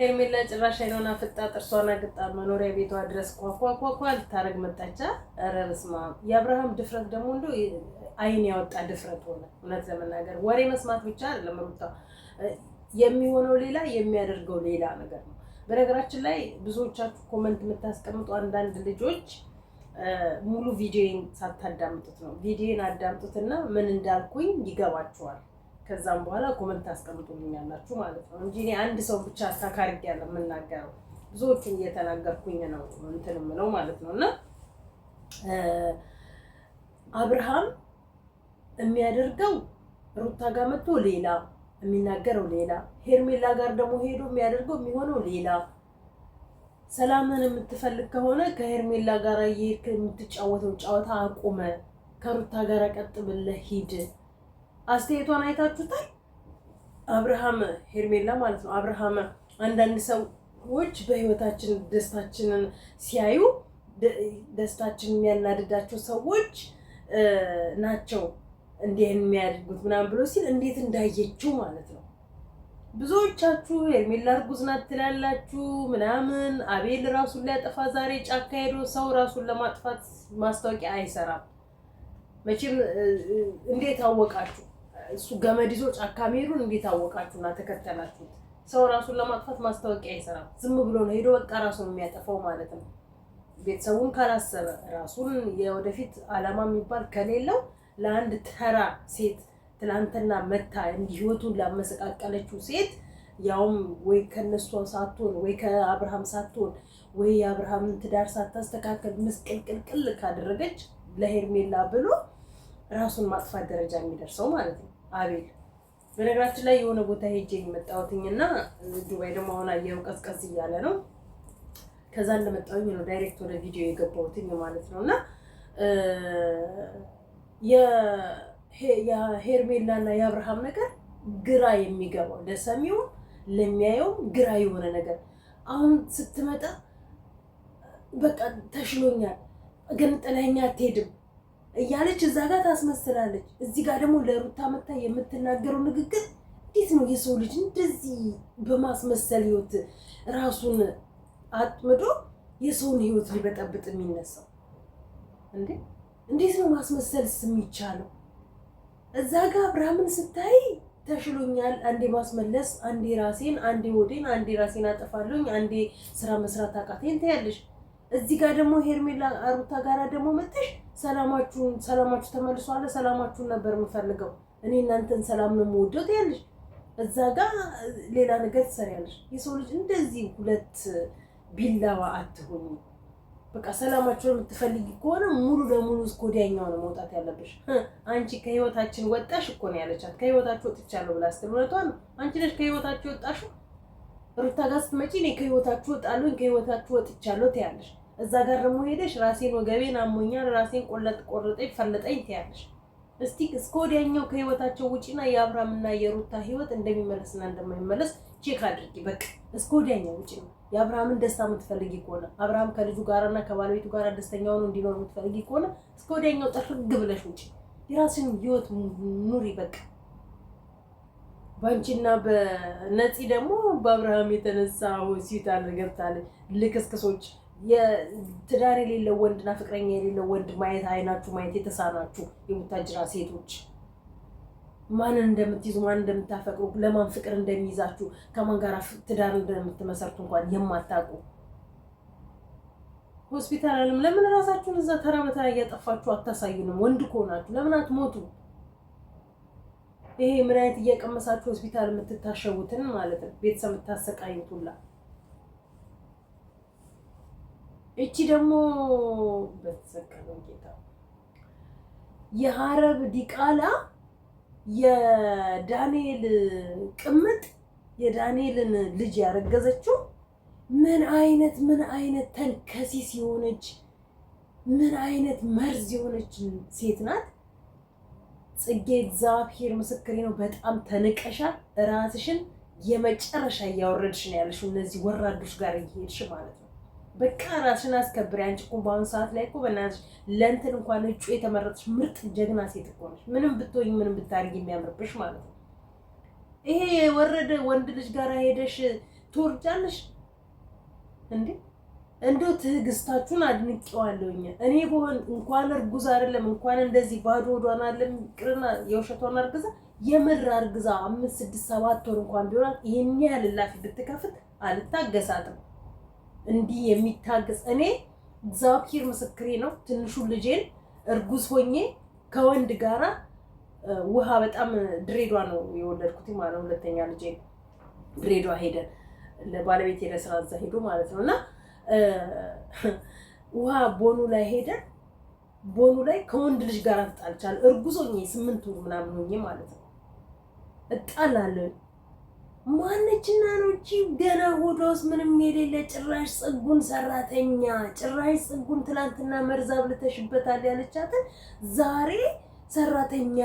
ሄርሜላ ጭራሽ አይኗን አፍጣ ጥርሷን አግጣ መኖሪያ ቤቷ ድረስ ኳኳኳኳ ልታረግ መጣቻ። ኧረ በስመ አብ! የአብርሃም ድፍረት ደግሞ እንዶ አይን ያወጣ ድፍረት ሆነ። እውነት ለመናገር ወሬ መስማት ብቻ አይደለም ሩታ፣ የሚሆነው ሌላ የሚያደርገው ሌላ ነገር ነው። በነገራችን ላይ ብዙዎቻችሁ ኮመንት የምታስቀምጡ አንዳንድ ልጆች ሙሉ ቪዲዮን ሳታዳምጡት ነው። ቪዲዮን አዳምጡትና ምን እንዳልኩኝ ይገባችኋል። ከዛም በኋላ ኮመንት ታስቀምጡልኛላችሁ ማለት ነው እንጂ እኔ አንድ ሰው ብቻ አስታካርግ ያለ የምናገረው ብዙዎቹን እየተናገርኩኝ ነው እንትን የምለው ማለት ነው። እና አብርሃም የሚያደርገው ሩታ ጋር መጥቶ ሌላ የሚናገረው ሌላ፣ ሄርሜላ ጋር ደግሞ ሄዶ የሚያደርገው የሚሆነው ሌላ። ሰላምን የምትፈልግ ከሆነ ከሄርሜላ ጋር የምትጫወተው ጨዋታ አቁመ፣ ከሩታ ጋር ቀጥ ብለህ ሂድ። አስተያየቷን አይታችሁታል። አብርሃም ሄርሜላ ማለት ነው። አብርሃም አንዳንድ ሰዎች በህይወታችን ደስታችንን ሲያዩ ደስታችን የሚያናድዳቸው ሰዎች ናቸው እንዲህ የሚያደርጉት ምናምን ብሎ ሲል እንዴት እንዳየችው ማለት ነው። ብዙዎቻችሁ ሄርሜላ እርጉዝ ናት ትላላችሁ ምናምን። አቤል ራሱን ሊያጠፋ ዛሬ ጫካ ሄዶ ሰው ራሱን ለማጥፋት ማስታወቂያ አይሰራም መቼም። እንዴት አወቃችሁ? እሱ ገመድ ይዞ ጫካ መሄዱን እንዴት አወቃችሁና ተከተላችሁት? ሰው ራሱን ለማጥፋት ማስታወቂያ አይሰራም። ዝም ብሎ ነው ሄዶ በቃ ራሱን የሚያጠፋው ማለት ነው። ቤተሰቡን ካላሰበ ራሱን የወደፊት አላማ የሚባል ከሌለው ለአንድ ተራ ሴት ትናንትና መታ እንዲህ ህይወቱን ላመሰቃቀለችው ሴት ያውም ወይ ከነሷ ሳትሆን ወይ ከአብርሃም ሳትሆን ወይ የአብርሃምን ትዳር ሳታስተካከል ምስቅልቅልቅል ካደረገች ለሄርሜላ ብሎ ራሱን ማጥፋት ደረጃ የሚደርሰው ማለት ነው። አቤል በነገራችን ላይ የሆነ ቦታ ሄጄ የመጣሁትኝ እና ዱባይ ደግሞ አሁን አየሩ ቀዝቀዝ እያለ ነው። ከዛ እንደመጣሁኝ ነው ዳይሬክት ወደ ቪዲዮ የገባሁትኝ ማለት ነው። እና የሄርሜላ እና የአብርሃም ነገር ግራ የሚገባው ለሰሚውም ለሚያየውም ግራ የሆነ ነገር አሁን ስትመጣ በቃ ተሽሎኛል ግን ጥለኸኝ አትሄድም እያለች እዛ ጋር ታስመስላለች። እዚህ ጋር ደግሞ ለሩታ መታ የምትናገረው ንግግር እንዴት ነው የሰው ልጅ እንደዚህ በማስመሰል ህይወት ራሱን አጥምዶ የሰውን ህይወት ሊበጠብጥ የሚነሳው እንዴ? እንዴት ነው ስም ይቻለው? እዛ ጋር አብርሃምን ስታይ ተሽሎኛል፣ አንዴ ማስመለስ፣ አንዴ ራሴን፣ አንዴ ወዴን፣ አንዴ ራሴን አጠፋለኝ፣ አንዴ ስራ መስራት አቃተኝ ትያለሽ። እዚህ ጋር ደግሞ ሄርሜላ ሩታ ጋራ ደግሞ መተሽ ሰላማችሁን ሰላማችሁ ተመልሷለ ሰላማችሁን ነበር የምፈልገው እኔ እናንተን ሰላም ነው የምወደው ትያለሽ፣ እዛ ጋር ሌላ ነገር ትሰሪያለሽ። የሰው ልጅ እንደዚህ ሁለት ቢላዋ አትሆኑ። በቃ ሰላማችሁን የምትፈልጊ ከሆነ ሙሉ ለሙሉ እስከ ወዲያኛው ነው መውጣት ያለብሽ። አንቺ ከህይወታችን ወጣሽ እኮ ነው ያለቻት። ከህይወታችሁ ወጥቻለሁ ብላ ስትል እውነቷ ነው። አንቺ ነሽ ከህይወታችሁ ወጣሽ። ሩታ ጋር ስትመጪ እኔ ከህይወታችሁ ወጣለሁ፣ ከህይወታችሁ ወጥቻለሁ ትያለሽ። እዛ ጋር ደግሞ ሄደሽ ራሴን ወገቤን አሞኛል፣ ራሴን ቆለጥ ቆርጠኝ ፈለጠኝ ትያለሽ። እስቲ እስከ ወዲያኛው ከህይወታቸው ውጪና የአብርሃምና የሩታ ህይወት እንደሚመለስና እንደማይመለስ ቼክ አድርጊ። በቃ እስከ ወዲያኛው ውጪ ነው። የአብርሃምን ደስታ የምትፈልጊ ከሆነ አብርሃም ከልጁ ጋራና ከባለቤቱ ጋር ደስተኛ ሆኖ እንዲኖር የምትፈልጊ ከሆነ እስከ ወዲያኛው ጠርግ ብለሽ ውጪ። የራስን ህይወት ኑሪ። በቃ ባንቺና በነፂ ደግሞ በአብርሃም የተነሳ ሆስፒታል ገብታለች ልክስክሶች ትዳር የሌለው ወንድና ፍቅረኛ የሌለው ወንድ ማየት አይናችሁ ማየት የተሳናችሁ የቡታጅራ ሴቶች ማንን እንደምትይዙ ማንን እንደምታፈቅሩ ለማን ፍቅር እንደሚይዛችሁ ከማን ጋር ትዳር እንደምትመሰርቱ እንኳን የማታውቁ ሆስፒታል አለም ለምን ራሳችሁን እዛ ተራ በተራ እያጠፋችሁ አታሳዩንም? ወንድ ከሆናችሁ ለምን አትሞቱ? ይሄ ምን አይነት እየቀመሳችሁ ሆስፒታል የምትታሸጉትን ማለት ነው ቤተሰብ የምታሰቃዩት ሁላ እቺ ደግሞ በተሰቀለው ጌታ የሀረብ ዲቃላ የዳንኤል ቅምጥ የዳንኤልን ልጅ ያረገዘችው ምን አይነት ምን አይነት ተንከሲስ የሆነች ምን አይነት መርዝ የሆነች ሴት ናት? ጽጌ እግዚአብሔር ምስክሬ ነው። በጣም ተንቀሻል። ራስሽን የመጨረሻ እያወረድሽ ነው ያለሽው እነዚህ ወራዶች ጋር እየሄድሽ ማለት ነው። በቃ ራስሽን አስከብሪ። አንቺ እኮ በአሁኑ ሰዓት ላይ እኮ በእናትሽ ለእንትን እንኳን እጩ የተመረጥሽ ምርጥ ጀግና ሴት እኮ ነሽ። ምንም ብትወኝ ምንም ብታደርጊ የሚያምርብሽ ማለት ነው። ይሄ የወረደ ወንድ ልጅ ጋር ሄደሽ ትወርጃለሽ እንዴ? እንደው ትዕግስታችሁን አድንቄዋለሁኝ። እኔ በሆን እንኳን እርጉዝ አይደለም እንኳን እንደዚህ ባዶ ወዷን አለም ቅርና የውሸቷን አርግዛ የምር አርግዛ አምስት ስድስት ሰባት ወር እንኳን ቢሆናት ይህን ያህል እላፊ ብትከፍት አልታገሳትም። እንዲህ የሚታገስ እኔ እግዚአብሔር ምስክሬ ነው። ትንሹ ልጄን እርጉዝ ሆኜ ከወንድ ጋራ ውሃ በጣም ድሬዷ ነው የወለድኩት ማለት ሁለተኛ ልጄን ድሬዷ ሄደ ለባለቤት ሄደ ስራ እዛ ሄዱ ማለት ነው እና ውሃ ቦኑ ላይ ሄደ ቦኑ ላይ ከወንድ ልጅ ጋር ትጣልቻል። እርጉዞኝ ስምንት ወር ምናምን ሆኜ ማለት ነው እጣላለሁ ማነችና ነው እቺ ገና ሆዷ ውስጥ ምንም የሌለ ጭራሽ ጽጉን ሰራተኛ ጭራሽ ጽጉን ትናንትና መርዛ ብልተሽበታል ያለቻትን ዛሬ ሰራተኛ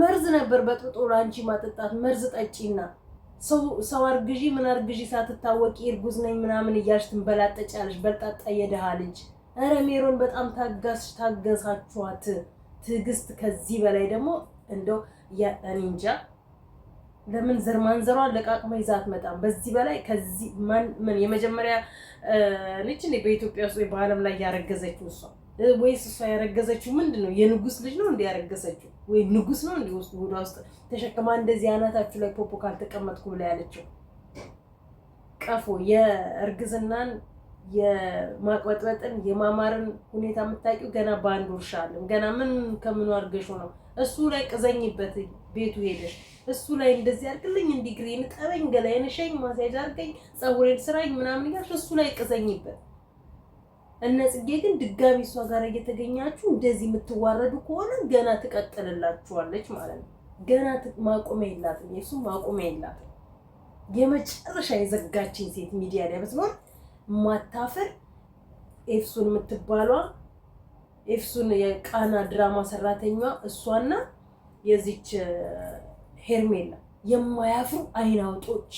መርዝ ነበር በጥጦ አንቺ ማጠጣት መርዝ ጠጪና ሰው አርግዢ ምን አርግዢ ሳትታወቂ እርጉዝ ነኝ ምናምን እያልሽ ትንበላጠጭ ያለሽ በልጣጣ የድሃ ልጅ። ኧረ ሜሮን በጣም ታጋስሽ ታገሳችኋት። ትዕግስት ከዚህ በላይ ደግሞ እንደው እንጃ ለምን ዘር ማንዘሯን ለቃቅመ ይዛት አትመጣም? በዚህ በላይ ከዚህ ምን የመጀመሪያ ልጅ በኢትዮጵያ ውስጥ በአለም በዓለም ላይ ያረገዘችው እሷ ወይስ እሷ ያረገዘችው ምንድን ነው? የንጉስ ልጅ ነው እንዲህ ያረገዘችው ወይ ንጉስ ነው እንዲህ ውስጥ ሆዷ ውስጥ ተሸክማ እንደዚህ አናታችሁ ላይ ፖፖ ካልተቀመጥኩ ብላ ያለችው ቀፎ የእርግዝናን የማቅበጥበጥን የማማርን ሁኔታ የምታውቂው ገና በአንድ ወርሻ አለም ገና ምን ከምኑ አድርገሽ ነው እሱ ላይ ቅዘኝበት ቤቱ ሄደሽ እሱ ላይ እንደዚህ አድርግልኝ እንዲግሬን ጠበኝ ገላዬን ሸኝ ማሳጅ አድርገኝ ፀጉሬን ስራኝ ምናምን እያልሽ እሱ ላይ ቅዘኝበት። እነ ጽጌ ግን ድጋሚ እሷ ጋር እየተገኛችሁ እንደዚህ የምትዋረዱ ከሆነ ገና ትቀጥልላችኋለች ማለት ነው። ገና ማቆሚያ የላትም፣ የሱ ማቆሚያ የላትም። የመጨረሻ የዘጋችኝ ሴት ሚዲያ ላይ ብትኖር ማታፍር ኤፍሱን የምትባሏ ኤፍሱን የቃና ድራማ ሰራተኛ እሷና የዚች ሄርሜላ የማያፍሩ አይናውጦች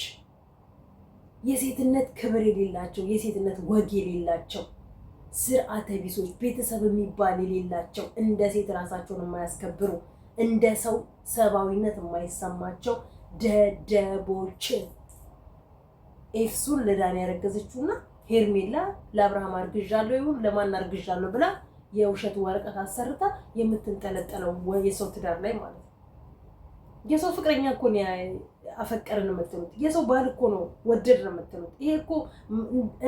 የሴትነት ክብር የሌላቸው የሴትነት ወግ የሌላቸው ስርዓተ ቢሶች ቤተሰብ የሚባል የሌላቸው እንደ ሴት ራሳቸውን የማያስከብሩ እንደ ሰው ሰብአዊነት የማይሰማቸው ደደቦች ኤፍሱን ለዳን ያረገዘችውና ሄርሜላ ለአብርሃም አርግዣለሁ ይሁን ለማን አርግዣለሁ ብላ የውሸት ወረቀት አሰርታ የምትንጠለጠለው የሰው ትዳር ላይ ማለት ነው። የሰው ፍቅረኛ እኮ አፈቀርን የምትሉት የሰው ባል እኮ ነው ወደድ ነው የምትሉት። ይሄ እኮ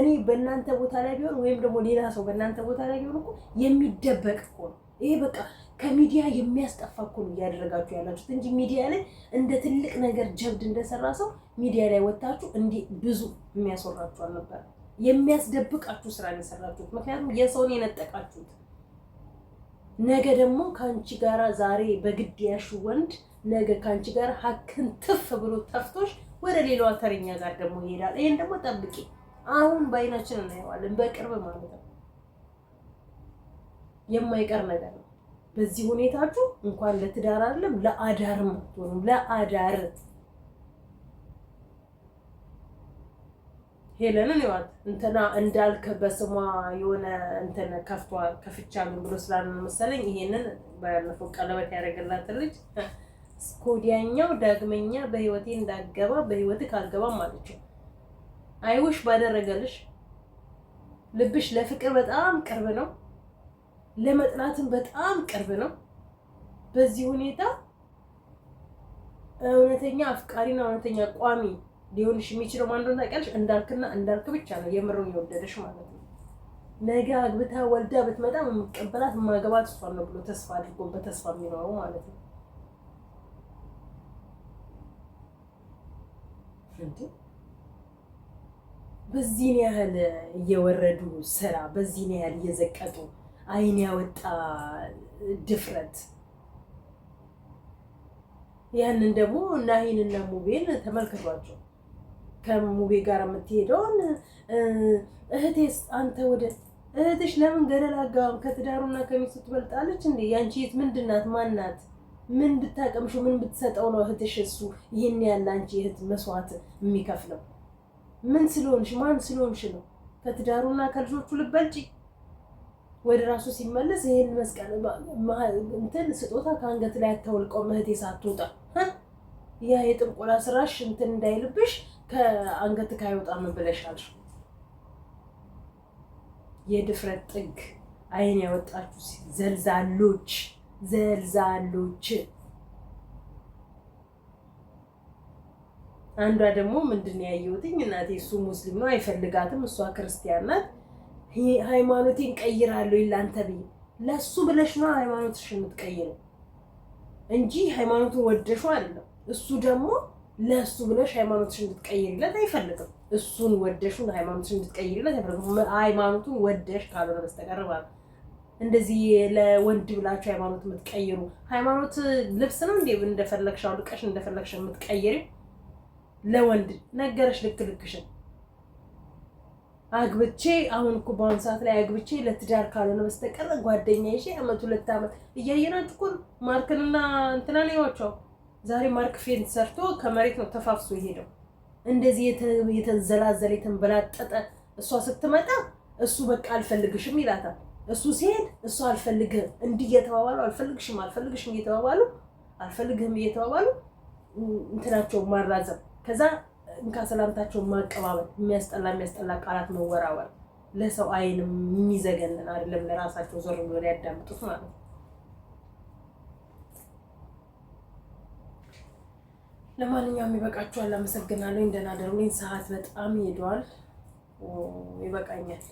እኔ በእናንተ ቦታ ላይ ቢሆን ወይም ደግሞ ሌላ ሰው በእናንተ ቦታ ላይ ቢሆን እኮ የሚደበቅ እኮ ነው። ይሄ በቃ ከሚዲያ የሚያስጠፋ እኮ ነው እያደረጋችሁ ያላችሁት እንጂ ሚዲያ ላይ እንደ ትልቅ ነገር ጀብድ እንደሰራ ሰው ሚዲያ ላይ ወጥታችሁ እንዲህ ብዙ የሚያስወራችሁ አልነበረ። የሚያስደብቃችሁ ስራ ነው የሰራችሁት። ምክንያቱም የሰውን የነጠቃችሁት ነገ ደግሞ ከአንቺ ጋር ዛሬ በግድ ያሹ ወንድ ነገ ከአንቺ ጋር ሀክን ትፍ ብሎ ተፍቶሽ ወደ ሌላዋ ተረኛ ጋር ደግሞ ይሄዳል። ይሄን ደግሞ ጠብቂ። አሁን በአይናችን እናየዋለን፣ በቅርብ ማለት ነው። የማይቀር ነገር ነው። በዚህ ሁኔታችሁ እንኳን ለትዳር አይደለም ለአዳርም አትሆኑም። ለአዳር ሄለንን ይዋል እንትና እንዳልክ በስሟ የሆነ እንትን ከፍቻለሁ ብሎ ስላለ መሰለኝ ይሄንን ባለፈው ቀለበት ያደረገላት ልጅ ኮዲያኛው ዳግመኛ በህይወቴ እንዳገባ በህይወት ካልገባም አለችው። አይውሽ ባደረገልሽ ልብሽ ለፍቅር በጣም ቅርብ ነው፣ ለመጥላትም በጣም ቅርብ ነው። በዚህ ሁኔታ እውነተኛ አፍቃሪና እውነተኛ ቋሚ ሊሆንሽ የሚችለው ማን እንደሆነ ታውቂያለሽ? እንዳልክና እንዳልክ ብቻ ነው የምሩን የወደደሽ ማለት ነው። ነገ አግብታ ወልዳ ብትመጣ የምቀበላት ማገባት እሷን ነው ብሎ ተስፋ አድርጎ በተስፋ የሚኖረው ማለት ነው። በዚህን ያህል እየወረዱ ስራ፣ በዚህን ያህል እየዘቀጡ አይን ያወጣ ድፍረት ያንን ደግሞ እና ሙቤን ተመልክቷቸው ከሙቤ ጋር የምትሄደውን እህቴስ አንተ ወደ እህትሽ ለምን ገደል አጋባም? ከትዳሩና ከሚስቱ ትበልጣለች እንዴ? ያንቺ የት ምንድናት? ማናት? ምን ብታቀምሹ ምን ብትሰጠው ነው እህትሽ እሱ ይህን ያለ አንቺ እህት መስዋዕት የሚከፍለው? ምን ስለሆንሽ ማን ስለሆንሽ ነው? ከትዳሩና ከልጆቹ ልበልጪ። ወደ ራሱ ሲመለስ ይህን መስቀል እንትን ስጦታ ከአንገት ላይ አታወልቀውም እህቴ ሳትወጣ ያ የጥንቆላ ስራሽ እንትን እንዳይልብሽ ከአንገት ካይወጣም ብለሻል። የድፍረት ጥግ አይን ያወጣችሁ ዘልዛሎች ዘልዛሎች። አንዷ ደግሞ ምንድን ያየሁትኝ እናቴ እሱ ሙስሊም ነው አይፈልጋትም፣ እሷ ክርስቲያን ናት። ሃይማኖቴን ቀይራለሁ ይላንተ ብዬ ለሱ ብለሽ ነው ሃይማኖትሽ የምትቀይረው እንጂ ሃይማኖቱን ወደሹ አይደለም እሱ ደግሞ ለእሱ ብለሽ ሃይማኖትሽ እንድትቀይርለት አይፈልግም። እሱን ወደሽን ሃይማኖትሽ እንድትቀይርለት አይፈልግም። ሃይማኖቱን ወደሽ ካልሆነ በስተቀር ማለት እንደዚህ ለወንድ ብላችሁ ሃይማኖት የምትቀይሩ ሃይማኖት ልብስ ነው እንዴ? እንደፈለግሽ አውልቀሽ እንደፈለግሽ የምትቀይሪ ለወንድ ነገረሽ ልክ ልክሽን አግብቼ አሁን እኮ በአሁኑ ሰዓት ላይ አግብቼ ለትዳር ካልሆነ በስተቀር ጓደኛ ይሽ አመት ሁለት አመት እያየናት እኮ ማርክንና እንትናን ይዋቸዋል ዛሬ ማርክ ፌን ሰርቶ ከመሬት ነው ተፋፍሶ የሄደው። እንደዚህ የተንዘላዘለ የተንበላጠጠ እሷ ስትመጣ እሱ በቃ አልፈልግሽም ይላታል። እሱ ሲሄድ እሱ አልፈልግህም እንዲህ እየተባባሉ አልፈልግሽም አልፈልግሽም እየተባባሉ አልፈልግህም እየተባባሉ እንትናቸው ማራዘም ከዛ እንካ ሰላምታቸውን ማቀባበል የሚያስጠላ የሚያስጠላ ቃላት መወራወር ለሰው አይንም የሚዘገንን አይደለም ለራሳቸው ዞር ብሎ ሊያዳምጡት ማለት ነው። ለማንኛውም ይበቃችኋል። አመሰግናለሁ። እንደናደሩልኝ ሰዓት በጣም ሄዷል። ይበቃኛል።